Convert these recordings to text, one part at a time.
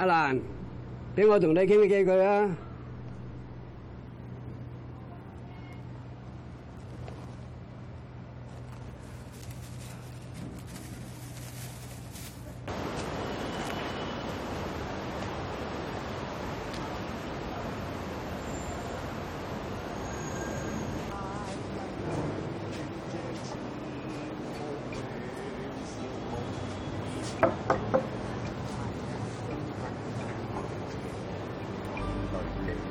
阿蘭，俾我同你傾幾句啊！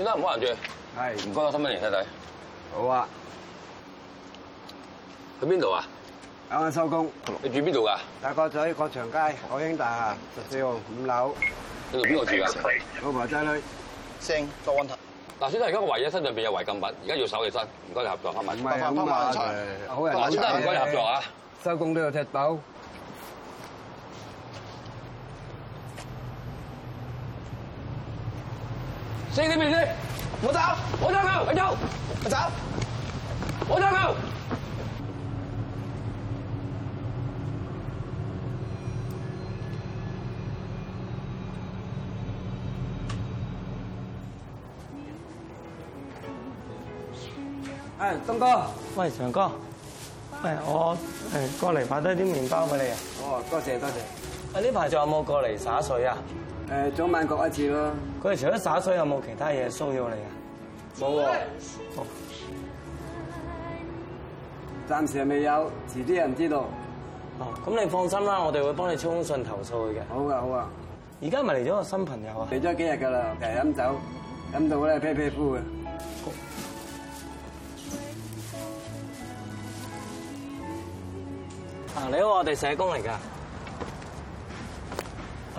先啦，唔好攔住。係，唔該，我收尾嚟睇睇。好啊。去邊度啊？啱啱收工。你住邊度噶？大角咀國祥街海興大廈十四號五樓。你喺邊度住噶？老婆仔女。姓多安特。嗱，先睇下佢有冇違禁品，而家要搜起身。唔該，你合作下嘛。唔係，唔該，合作。收工都要踢到。四點面先，我走，我走佢，我走，我走佢。哎，東哥。喂，祥哥，喂，我誒過嚟擺低啲麵包俾你啊。哦，多謝多謝。啊，呢排仲有冇過嚟灑水啊？誒早晚各一次咯。佢哋除咗灑水，有冇其他嘢騷擾你啊？冇喎了。Oh. 暫時又未有，遲啲人知道。哦，咁你放心啦，我哋會幫你充信投訴佢嘅。好啊，好啊。而家咪嚟咗個新朋友啊！嚟咗幾日㗎啦？其實飲酒，飲到咧皮皮膚啊。啊，oh. 你好，我哋社工嚟噶。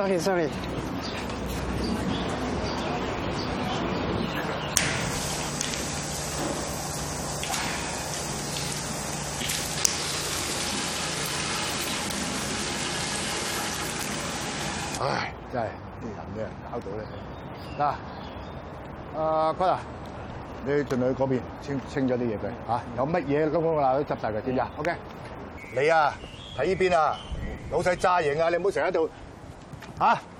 sorry sorry，哎，真係啲人咩搞到咧嗱？阿坤啊，你儘量去嗰邊清清咗啲嘢佢啊，有乜嘢都嗱都執晒佢先啦。OK，你啊睇呢邊啊，老細揸型啊，你唔好成日喺度。啊。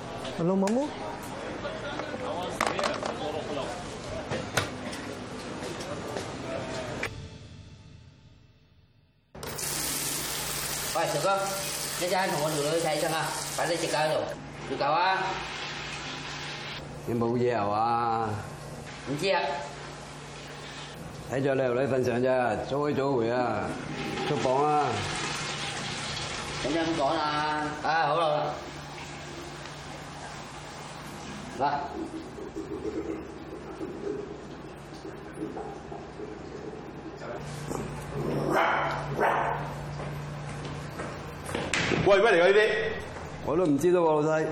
hello，媽咪。喂，小哥，你家下同我條女一齊食啊？快啲叫佢嚟咯。你講啊？你冇嘢係嘛？唔知啊。睇在你條女份上啫，早去早回啊。出房啦。點解咁講啊？啊，好啦。來喂，乜嚟㗎呢啲？我都唔知多喎，老細。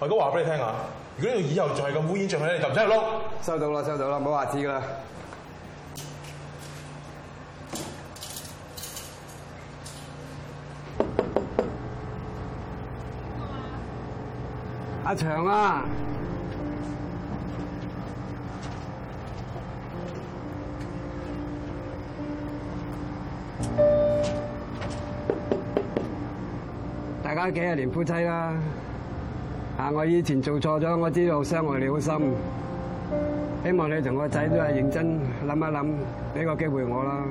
我而家話俾你聽啊，如果你以後再係咁烏煙瘴氣，你就唔使去撈。收到啦，收到啦，唔好話知㗎啦。阿祥啊，大家幾十年夫妻啦，啊，我以前做錯咗，我知道傷害你好深，希望你同個仔都係認真諗一諗，俾個機會我啦。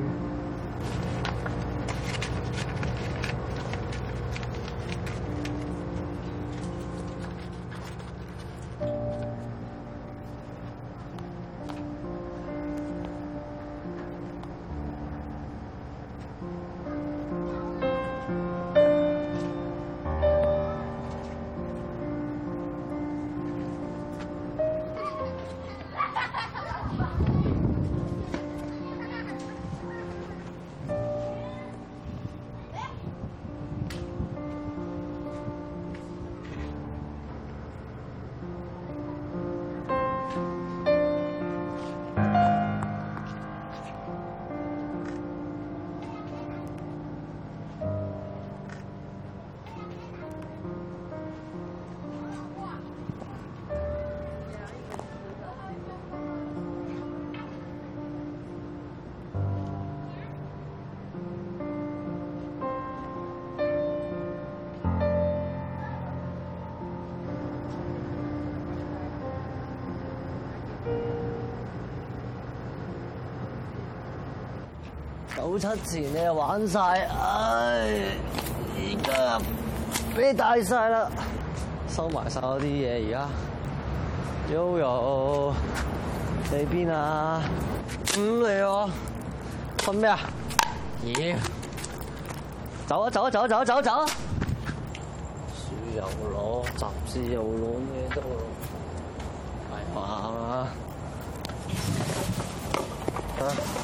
九七前你又玩晒，唉！而家俾你大晒啦，收埋晒嗰啲嘢，而家悠悠你邊啊？唔嚟哦！瞓咩 Yeah. 啊？咦？走啊走啊走啊走啊走啊走！書又攞，雜誌又攞咩都咯？快跑啊！啊！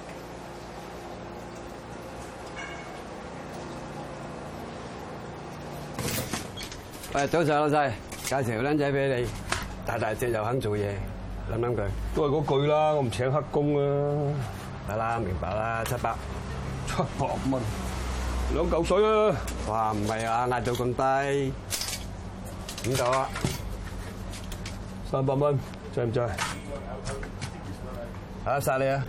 誒，早上老細，介紹個僆仔俾你，大大隻又肯做嘢，諗諗佢，都係嗰句啦，我唔請黑工啊，得啦，明白啦，七百，七百蚊，兩嚿水啊，哇，唔係啊，壓到咁低，點搞啊，三百蚊，在唔在？好，晒你啊！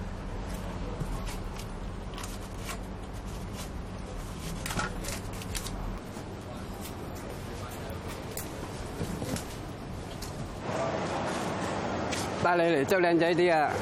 你嚟，執靚仔啲啊！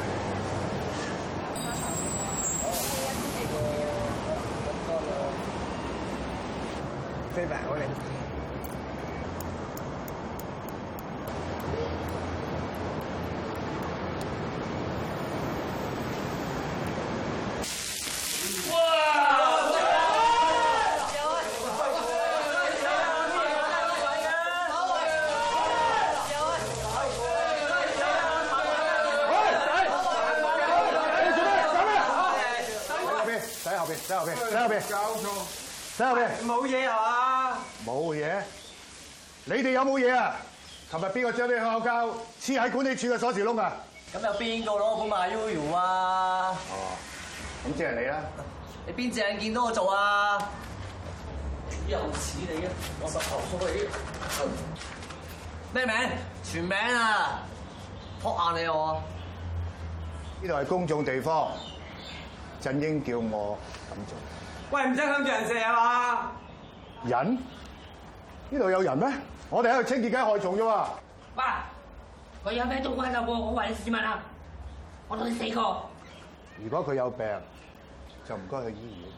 後邊，走後邊，走後邊。搞錯，走後邊。冇嘢係嘛？冇嘢。你哋有冇嘢啊？琴日邊個將啲口膠黐喺管理處嘅鎖匙窿啊？咁又邊個攞個古曼 U U 啊？哦，咁即係你啦。你邊隻眼見到我做啊？又似你啊，我實投訴你。咩名？全名啊？撲下你我。呢度係公眾地方。振英叫我咁做。喂，唔使向住人射係嘛？人？呢度有人咩？我哋喺度清潔緊害蟲啫喎。喂，佢有咩都關道喎？我為你市民啊，我同你死過。如果佢有病，就唔該去醫院。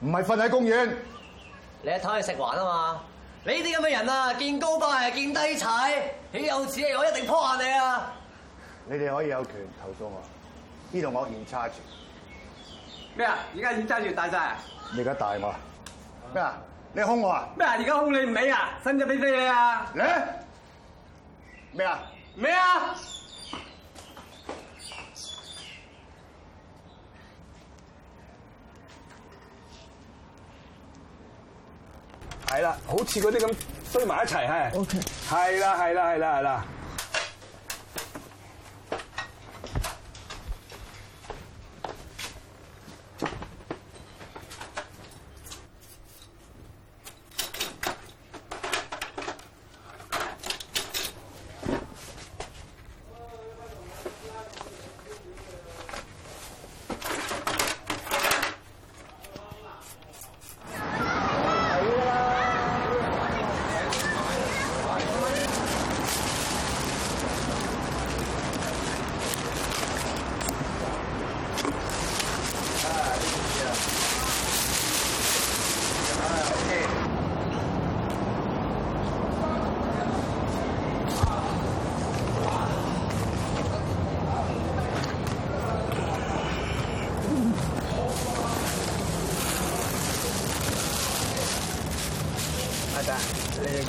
唔係瞓喺公園。你一睇去食環啊嘛？你啲咁嘅人啊，見高拜呀，見低踩，豈有此理！我一定撲下你啊！你哋可以有權投訴我，呢度我言差傳。咩啊？而家錢揸住大曬啊！你而家大我嘛？咩啊？你兇我啊？咩啊？而家兇你唔起啊？伸隻鼻仔畀你啊？咩啊？咩啊？係啦，好似嗰啲咁堆埋一齊係。O K。係啦 Okay.，係啦，係啦，係啦。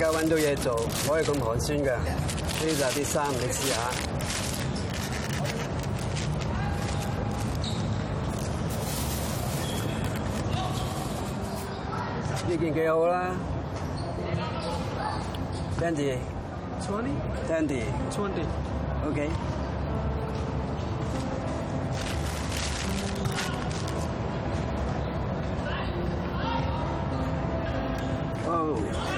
而家揾到嘢做，唔可以咁寒酸噶。呢紮啲衫，你試下。呢、oh. 件幾好啦。Dandy, Twenty。Dandy，Twenty。OK、oh.。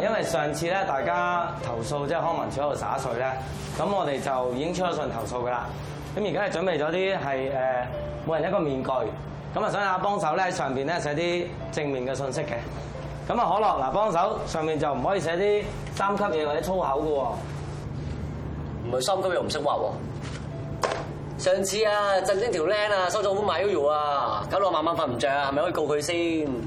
因為上次咧，大家投訴即係康文署喺度耍水咧，咁我哋就已經出咗信投訴噶啦。咁而家係準備咗啲係誒，每人一個面具，咁啊想下幫手咧喺上邊咧寫啲正面嘅信息嘅。咁啊可樂，嗱幫手上面就唔可以寫啲三級嘢或者粗口嘅喎。唔係三級嘢唔識畫喎。上次啊振英條靚啊收咗款買 Euro 啊，搞到我晚晚瞓唔着，啊，係咪可以告佢先？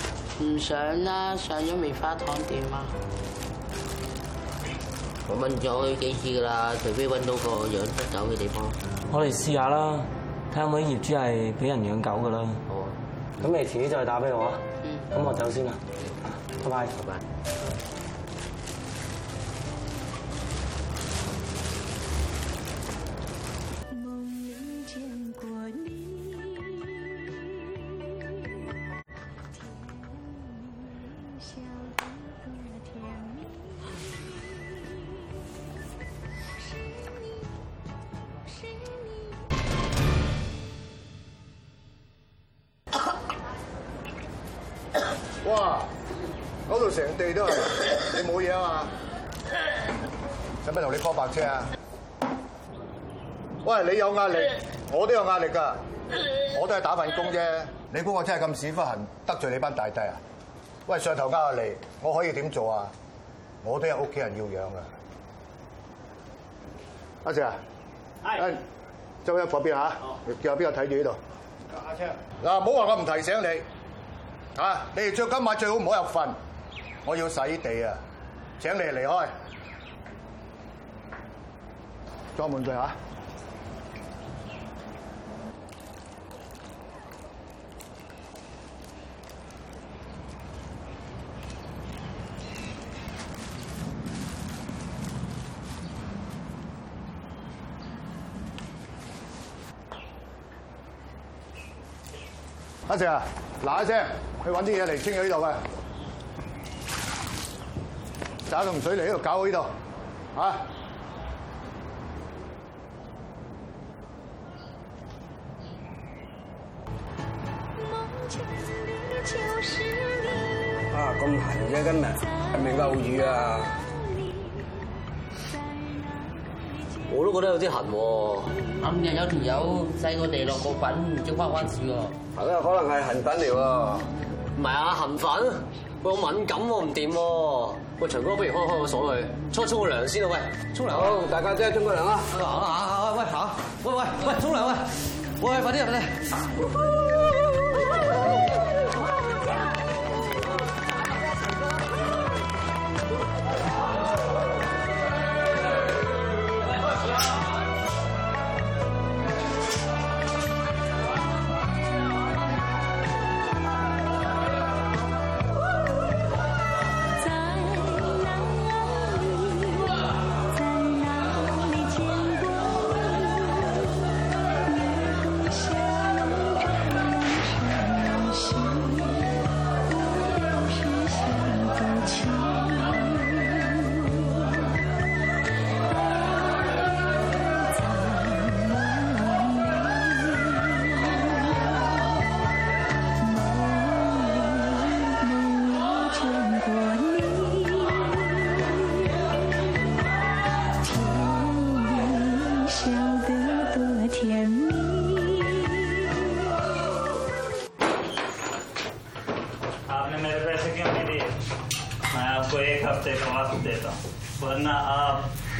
唔上啦，上咗棉花糖店啊？我問咗佢幾次噶啦，除非揾到個養得狗嘅地方，啊我嘗嘗。我哋試下啦，睇下可唔可以業主係俾人養狗噶啦。好啊，咁你遲啲再打俾我啊。嗯，咁我先走先啦。拜拜。拜拜。哇！嗰度成地都係你，冇嘢啊嘛？使乜同你 call 白車啊？喂，你有壓力，我都有壓力噶，我都係打份工啫。 你估我真係咁屎忽痕得罪你班大弟啊？喂，上頭加力，我可以點做啊？我都有屋企人要養啊。阿姐，係是，周一嗰邊好叫有邊個睇住呢度？架車嗱，唔好話我唔提醒你。啊！你哋著今晚最好唔好入瞓，我要洗地啊！請你哋離開。開，裝唔住啊！阿 Sir，嗱一聲。去揾啲嘢嚟清下呢度嘅渣同水嚟呢度搞好呢度，嚇！啊咁痕啫今日，未夠雨啊！我都覺得有啲痕喎。啱啱有條友細我哋落個粉，即刻屈住喎。係啊，可能係痕粉嚟喎。唔係啊，痕粉，佢好敏感喎，唔掂喎。喂，長、啊、哥，不如開開個鎖去搓搓個涼先啦。喂，沖涼好大家即係沖個涼啦。啊喂喂喂喂喂，沖涼啊！喂，快啲入嚟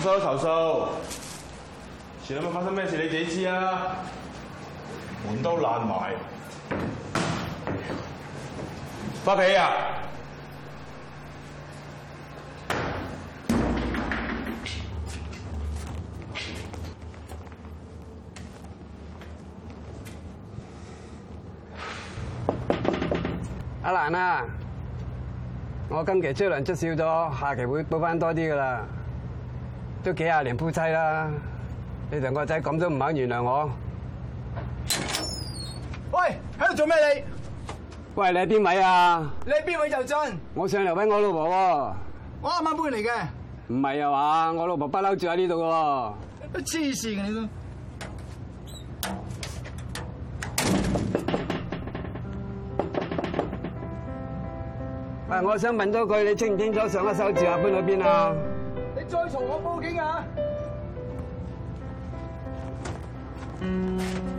收到投訴，前兩日發生咩事？你自己知啊！門都爛埋，發脾氣啊！阿蘭啊，我今期出糧出少咗，下期會補翻多啲噶啦。都幾廿年夫妻啦，你同個仔咁都唔肯原諒我？喂，喺度做咩你？喂，你喺邊位啊？你喺邊位就進。我想留翻我老婆喎。我啱啱搬嚟嘅。唔係啊嘛，我老婆不嬲住喺呢度嘅。都黐線嘅你都。誒，我想問多句，你清唔清楚上一手住下搬去邊啊？再嘈我報警啊！嗯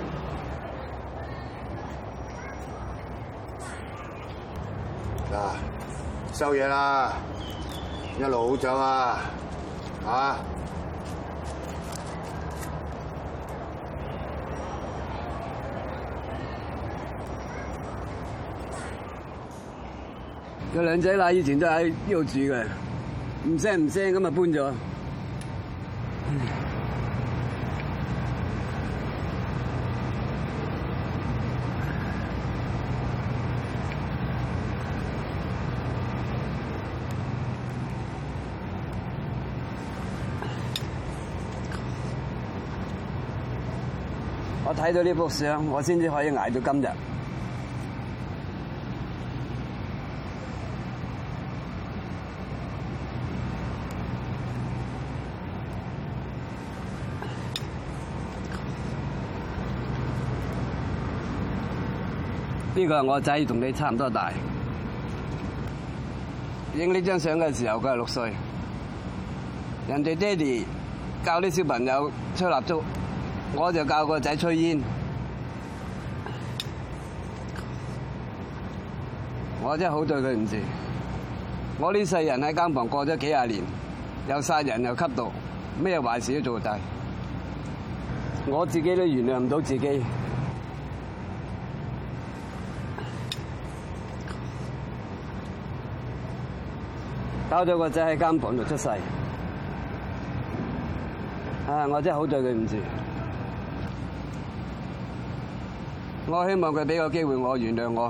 收嘢啦，一路好走啊！嚇，個兩仔乸以前都喺呢度住嘅，唔聲唔聲咁啊搬咗。我睇到呢幅相，我先至可以捱到今日。呢個係我仔同你差唔多大，影呢張相嘅時候佢係六歲，人哋爹哋教啲小朋友吹蠟燭。我就教個仔吹煙，我真係好對佢唔住。我呢世人喺監房過咗幾廿年，又殺人又吸毒，咩壞事都做晒，我自己都原諒唔到自己。教咗個仔喺監房度出世，啊！我真係好對佢唔住。我希望佢俾個機會我，原諒我。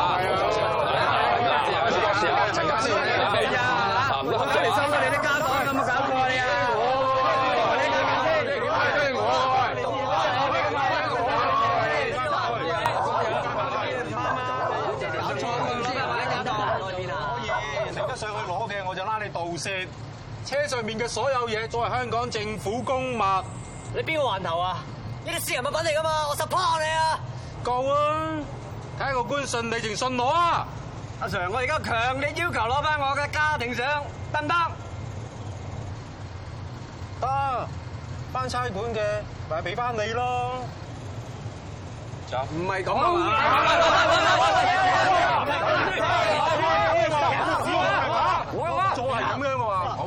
車上面嘅所有嘢作為香港政府公物，你、這、邊個還頭啊？呢啲私人物品嚟噶嘛？我 support 你啊！夠啊！睇個官信，你定信我啊？啊！阿 Sir，我而家強烈要求攞翻我嘅家庭相，得唔得？得，翻差館嘅，咪俾翻你咯。就唔係咁。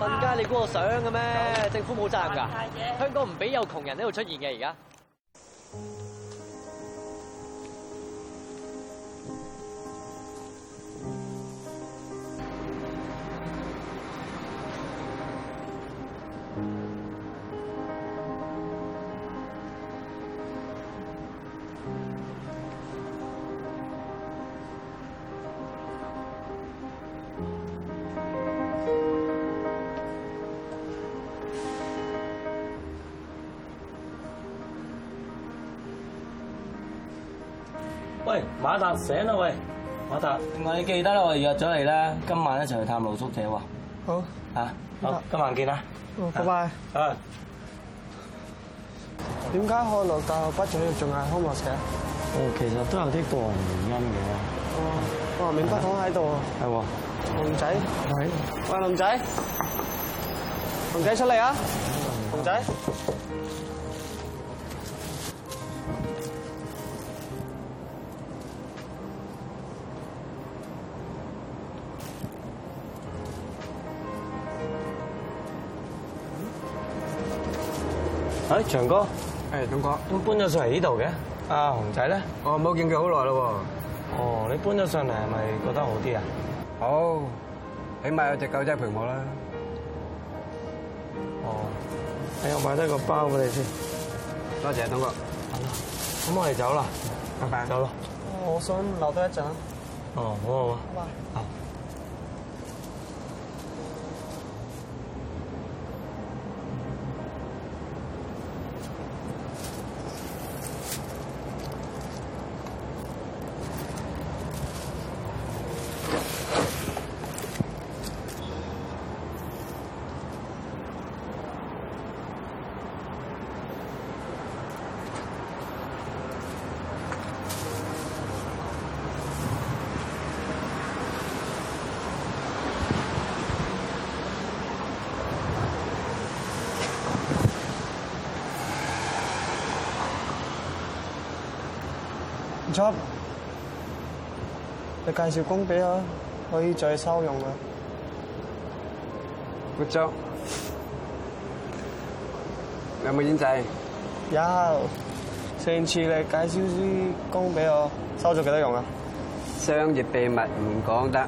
瞓街你估我想嘅咩？家政府冇責任㗎，香港唔俾有窮人喺度出現嘅，而家。喂，馬達醒啦喂，馬達，我你記得啦，我哋約咗你啦，今晚一齊去探露宿者喎。好，吓，好，今晚見啦，嗯，拜拜。啊，點解我落大學不久，仲係康樂社？哦，其實都有啲個人原因嘅。哦，哇，明輝哥喺度啊。係喎。龍仔。喂。喂，龍仔。龍仔出嚟啊！龍仔。長哥，誒，董哥，都搬咗上嚟呢度嘅。阿紅仔咧，我冇見佢好耐咯。哦，你搬咗上嚟係咪覺得好啲啊？好，起碼有隻狗仔陪我啦。哦，哎呀，買低個包畀你先。多謝，董哥。咁我哋走啦，拜拜。走咯。我想留多一陣啊。哦，好啊。拜。唔錯，你介紹工俾我，可以再收用啊。唔錯，有冇影仔？有，上次你介紹啲工俾我，收咗幾多用啊？商業秘密唔講得。